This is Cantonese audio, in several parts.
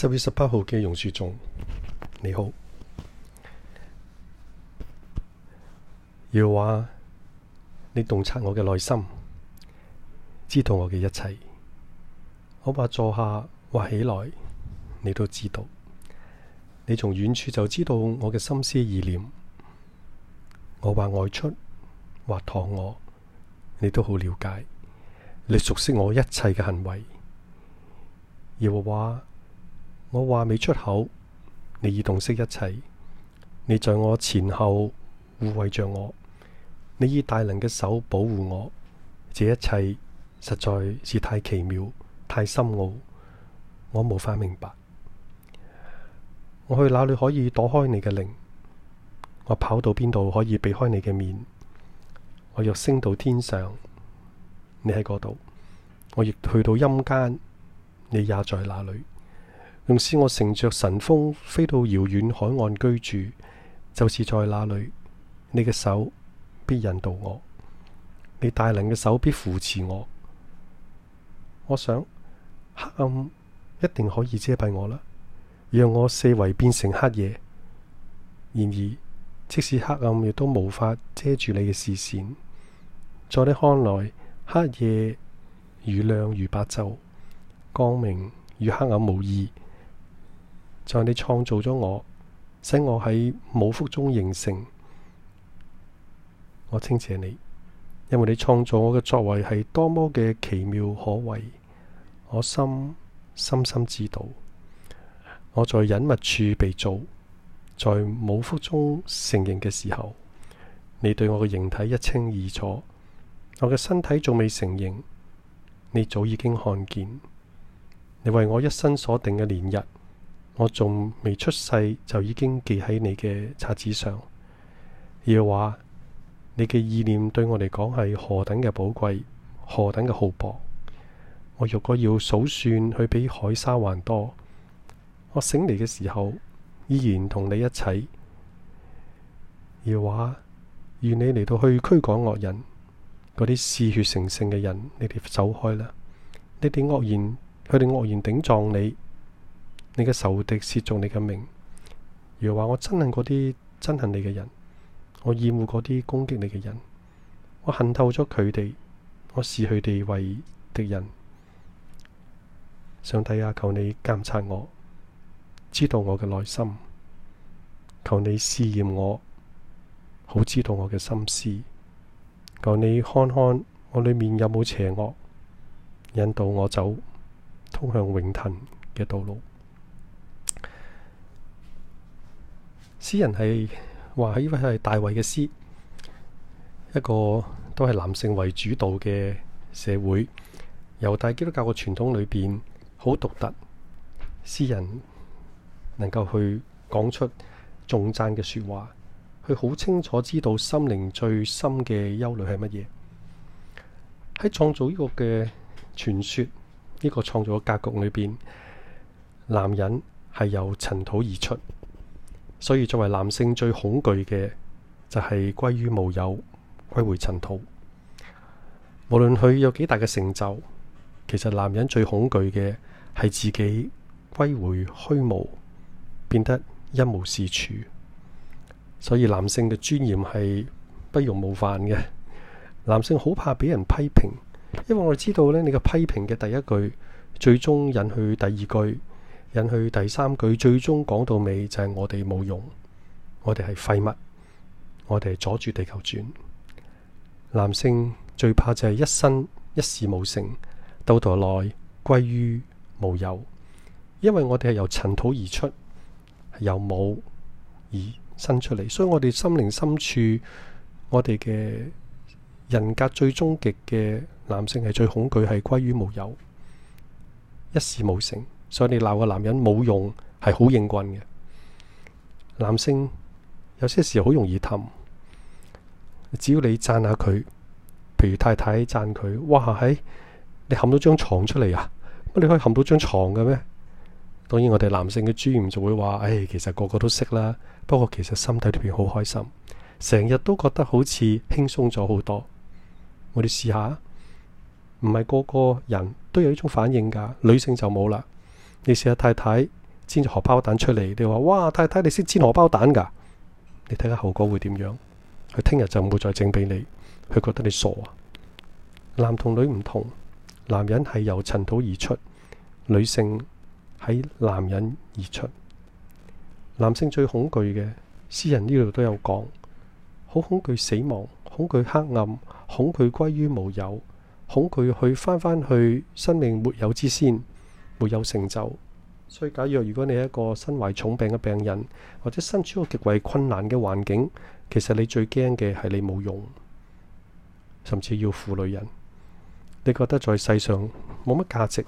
十月十八號嘅榕樹中，你好。耶和華你洞察我嘅內心，知道我嘅一切。我或坐下，或起來，你都知道。你從遠處就知道我嘅心思意念。我或外出，或躺臥，你都好了解，你熟悉我一切嘅行為。耶和華。我話未出口，你已洞悉一切。你在我前後護衛着我，你以大能嘅手保護我。這一切實在是太奇妙、太深奧，我無法明白。我去哪裏可以躲開你嘅靈？我跑到邊度可以避開你嘅面？我若升到天上，你喺嗰度；我亦去到陰間，你也在哪裏？用使我乘着神風飛到遙遠海岸居住，就是在那裡，你嘅手必引導我，你大能嘅手必扶持我。我想黑暗一定可以遮蔽我啦，讓我四圍變成黑夜。然而，即使黑暗亦都無法遮住你嘅視線，在你看來，黑夜如亮如白晝，光明與黑暗無異。就係你創造咗我，使我喺母腹中形成，我稱謝你，因為你創造我嘅作為係多麼嘅奇妙可畏。我心深深知道，我在隱密處被造，在母腹中成形嘅時候，你對我嘅形體一清二楚。我嘅身體仲未成形，你早已經看見。你為我一生所定嘅年日。我仲未出世，就已經記喺你嘅冊子上。要話你嘅意念對我嚟講係何等嘅寶貴，何等嘅浩博。我若果要數算，佢比海沙還多。我醒嚟嘅時候，依然同你一齊。要話願你嚟到去驅趕惡人，嗰啲嗜血成性嘅人，你哋走開啦！你哋惡言，佢哋惡言頂撞你。你嘅仇敵涉中你嘅命。如果話我憎恨嗰啲憎恨你嘅人，我厭惡嗰啲攻擊你嘅人，我恨透咗佢哋，我視佢哋為敵人。上帝啊，求你監察我，知道我嘅內心。求你試驗我，好知道我嘅心思。求你看看我裏面有冇邪惡，引導我走通向永恆嘅道路。詩人係話：，呢位係大衛嘅詩，一個都係男性為主導嘅社會，由大基督教嘅傳統裏邊，好獨特。詩人能夠去講出重讚嘅說話，佢好清楚知道心靈最深嘅憂慮係乜嘢。喺創造呢個嘅傳說，呢個創造嘅格局裏邊，男人係由塵土而出。所以作為男性最恐懼嘅就係歸於無有，歸回塵土。無論佢有幾大嘅成就，其實男人最恐懼嘅係自己歸回虛無，變得一無是處。所以男性嘅尊嚴係不容冒犯嘅。男性好怕俾人批評，因為我知道呢，你嘅批評嘅第一句，最終引去第二句。引去第三句，最終講到尾就係我哋冇用，我哋係廢物，我哋係阻住地球轉。男性最怕就係一生一事無成，到頭來歸於無有，因為我哋係由塵土而出，由冇而生出嚟，所以我哋心靈深處，我哋嘅人格最終極嘅男性係最恐懼係歸於無有，一事無成。所以你鬧個男人冇用，係好應棍嘅。男性有些時候好容易氹，只要你讚下佢，譬如太太讚佢，哇喺、哎、你冚到張床出嚟啊！乜你可以冚到張床嘅咩？當然我哋男性嘅專員就會話，唉、哎，其實個個都識啦。不過其實心底裏邊好開心，成日都覺得好似輕鬆咗好多。我哋試下，唔係個個人都有呢種反應㗎，女性就冇啦。你試下太太，煎荷，太，太煎荷包蛋出嚟，你話，哇太太你識煎荷包蛋噶？你睇下後果會點樣？佢聽日就唔會再整俾你，佢覺得你傻啊！男同女唔同，男人係由塵土而出，女性喺男人而出。男性最恐懼嘅，詩人呢度都有講，好恐懼死亡，恐懼黑暗，恐懼歸於無有，恐懼去翻返去，生命沒有之先。會有成就，所以假若如，如果你係一個身懷重病嘅病人，或者身處一個極為困難嘅環境，其實你最驚嘅係你冇用，甚至要負累人。你覺得在世上冇乜價值，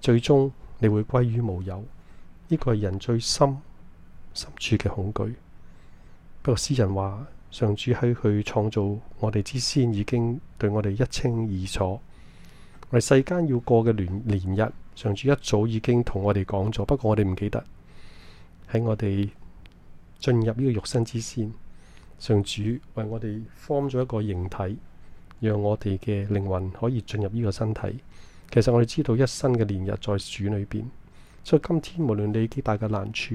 最終你會歸於無有。呢、這個係人最深深處嘅恐懼。不過，詩人話，上主喺佢創造我哋之先，已經對我哋一清二楚，我哋世間要過嘅年年日。上主一早已經同我哋講咗，不過我哋唔記得喺我哋進入呢個肉身之前，上主為我哋 form 咗一個形體，讓我哋嘅靈魂可以進入呢個身體。其實我哋知道一生嘅年日在主裏邊，所以今天無論你幾大嘅難處，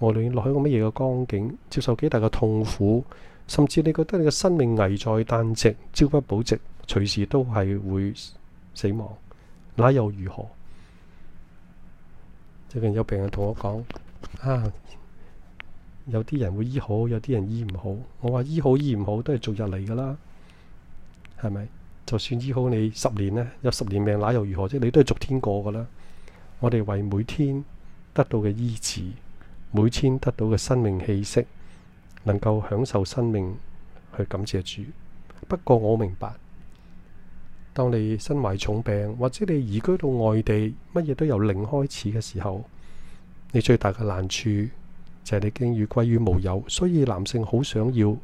無論落去個乜嘢嘅光景，接受幾大嘅痛苦，甚至你覺得你嘅生命危在旦夕，朝不保夕，隨時都係會死亡，那又如何？最近有病人同我講啊，有啲人會醫好，有啲人醫唔好。我話醫好醫唔好都係逐日嚟噶啦，係咪？就算醫好你十年呢，有十年命那又如何啫？你都係逐天過噶啦。我哋為每天得到嘅醫治、每天得到嘅生命氣息，能夠享受生命去感謝主。不過我明白。當你身懷重病，或者你移居到外地，乜嘢都由零開始嘅時候，你最大嘅難處就係你經遇歸於無有。所以男性好想要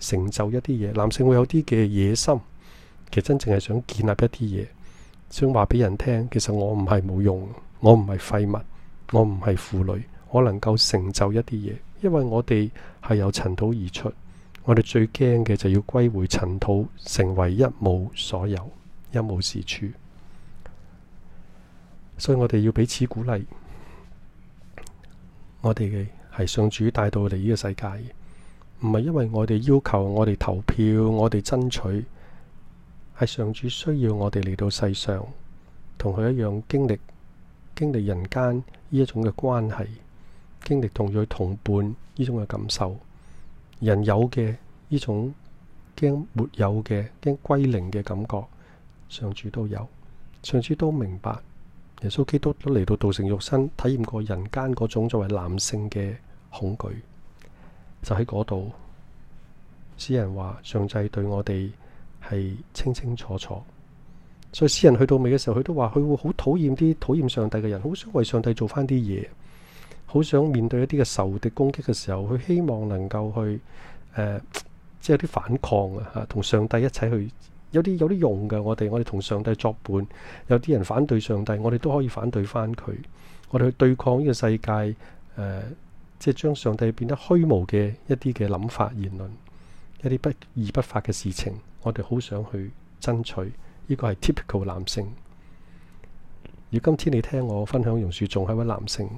成就一啲嘢，男性會有啲嘅野心。其實真正係想建立一啲嘢，想話俾人聽，其實我唔係冇用，我唔係廢物，我唔係婦女，我能夠成就一啲嘢，因為我哋係由塵土而出。我哋最驚嘅就要歸回塵土，成為一無所有、一無是處。所以我哋要彼此鼓勵。我哋嘅係上主帶到嚟呢個世界，唔係因為我哋要求、我哋投票、我哋爭取，係上主需要我哋嚟到世上，同佢一樣經歷經歷人間呢一種嘅關係，經歷同佢同伴呢種嘅感受。人有嘅呢種驚沒有嘅驚歸零嘅感覺，上主都有，上主都明白。耶穌基督都嚟到道成肉身，體驗過人間嗰種作為男性嘅恐懼，就喺嗰度。詩人話上帝對我哋係清清楚楚，所以詩人去到尾嘅時候，佢都話佢會好討厭啲討厭上帝嘅人，好想為上帝做翻啲嘢。好想面對一啲嘅仇敵攻擊嘅時候，佢希望能夠去，誒、呃，即係有啲反抗啊，嚇同上帝一齊去，有啲有啲用嘅。我哋我哋同上帝作伴，有啲人反對上帝，我哋都可以反對翻佢。我哋去對抗呢個世界，誒、呃，即係將上帝變得虛無嘅一啲嘅諗法言論，一啲不義不法嘅事情，我哋好想去爭取。呢、這個係 typical 男性。而今天你聽我分享榕樹，仲係一位男性。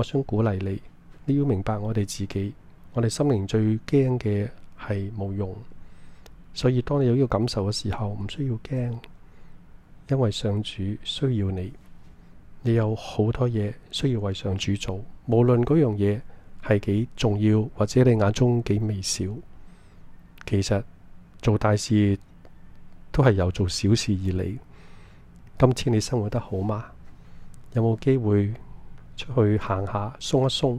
我想鼓勵你，你要明白我哋自己，我哋心靈最驚嘅係冇用，所以當你有呢個感受嘅時候，唔需要驚，因為上主需要你，你有好多嘢需要為上主做，無論嗰樣嘢係幾重要，或者你眼中幾微小，其實做大事都係由做小事而嚟。今次你生活得好嗎？有冇機會？出去行下，鬆一鬆；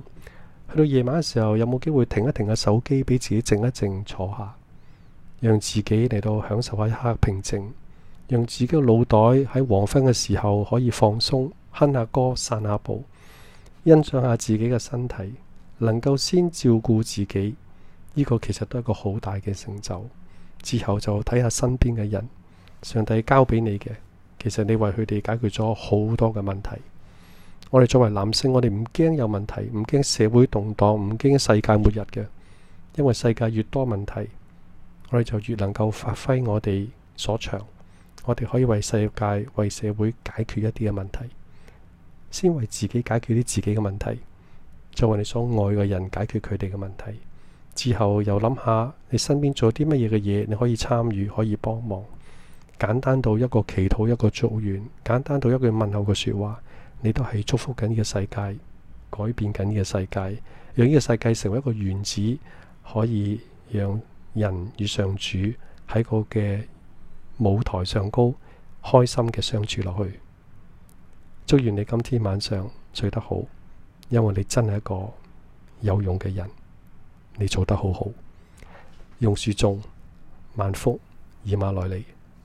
去到夜晚嘅時候，有冇機會停一停個手機，俾自己靜一靜，坐下，讓自己嚟到享受一下一刻平靜，讓自己嘅腦袋喺黃昏嘅時候可以放鬆，哼下歌，散下步，欣賞下自己嘅身體，能夠先照顧自己，呢個其實都係一個好大嘅成就。之後就睇下身邊嘅人，上帝交俾你嘅，其實你為佢哋解決咗好多嘅問題。我哋作為男性，我哋唔驚有問題，唔驚社會動盪，唔驚世界末日嘅。因為世界越多問題，我哋就越能夠發揮我哋所長。我哋可以為世界、為社會解決一啲嘅問題，先為自己解決啲自己嘅問題，再為你所愛嘅人解決佢哋嘅問題。之後又諗下你身邊做啲乜嘢嘅嘢，你可以參與，可以幫忙。簡單到一個祈禱，一個祝願，簡單到一句問候嘅說話。你都係祝福緊呢個世界，改變緊呢個世界，讓呢個世界成為一個原子，可以讓人與上主喺個嘅舞台上高開心嘅相處落去。祝願你今天晚上睡得好，因為你真係一個有用嘅人，你做得好好。用樹種萬福以馬內利。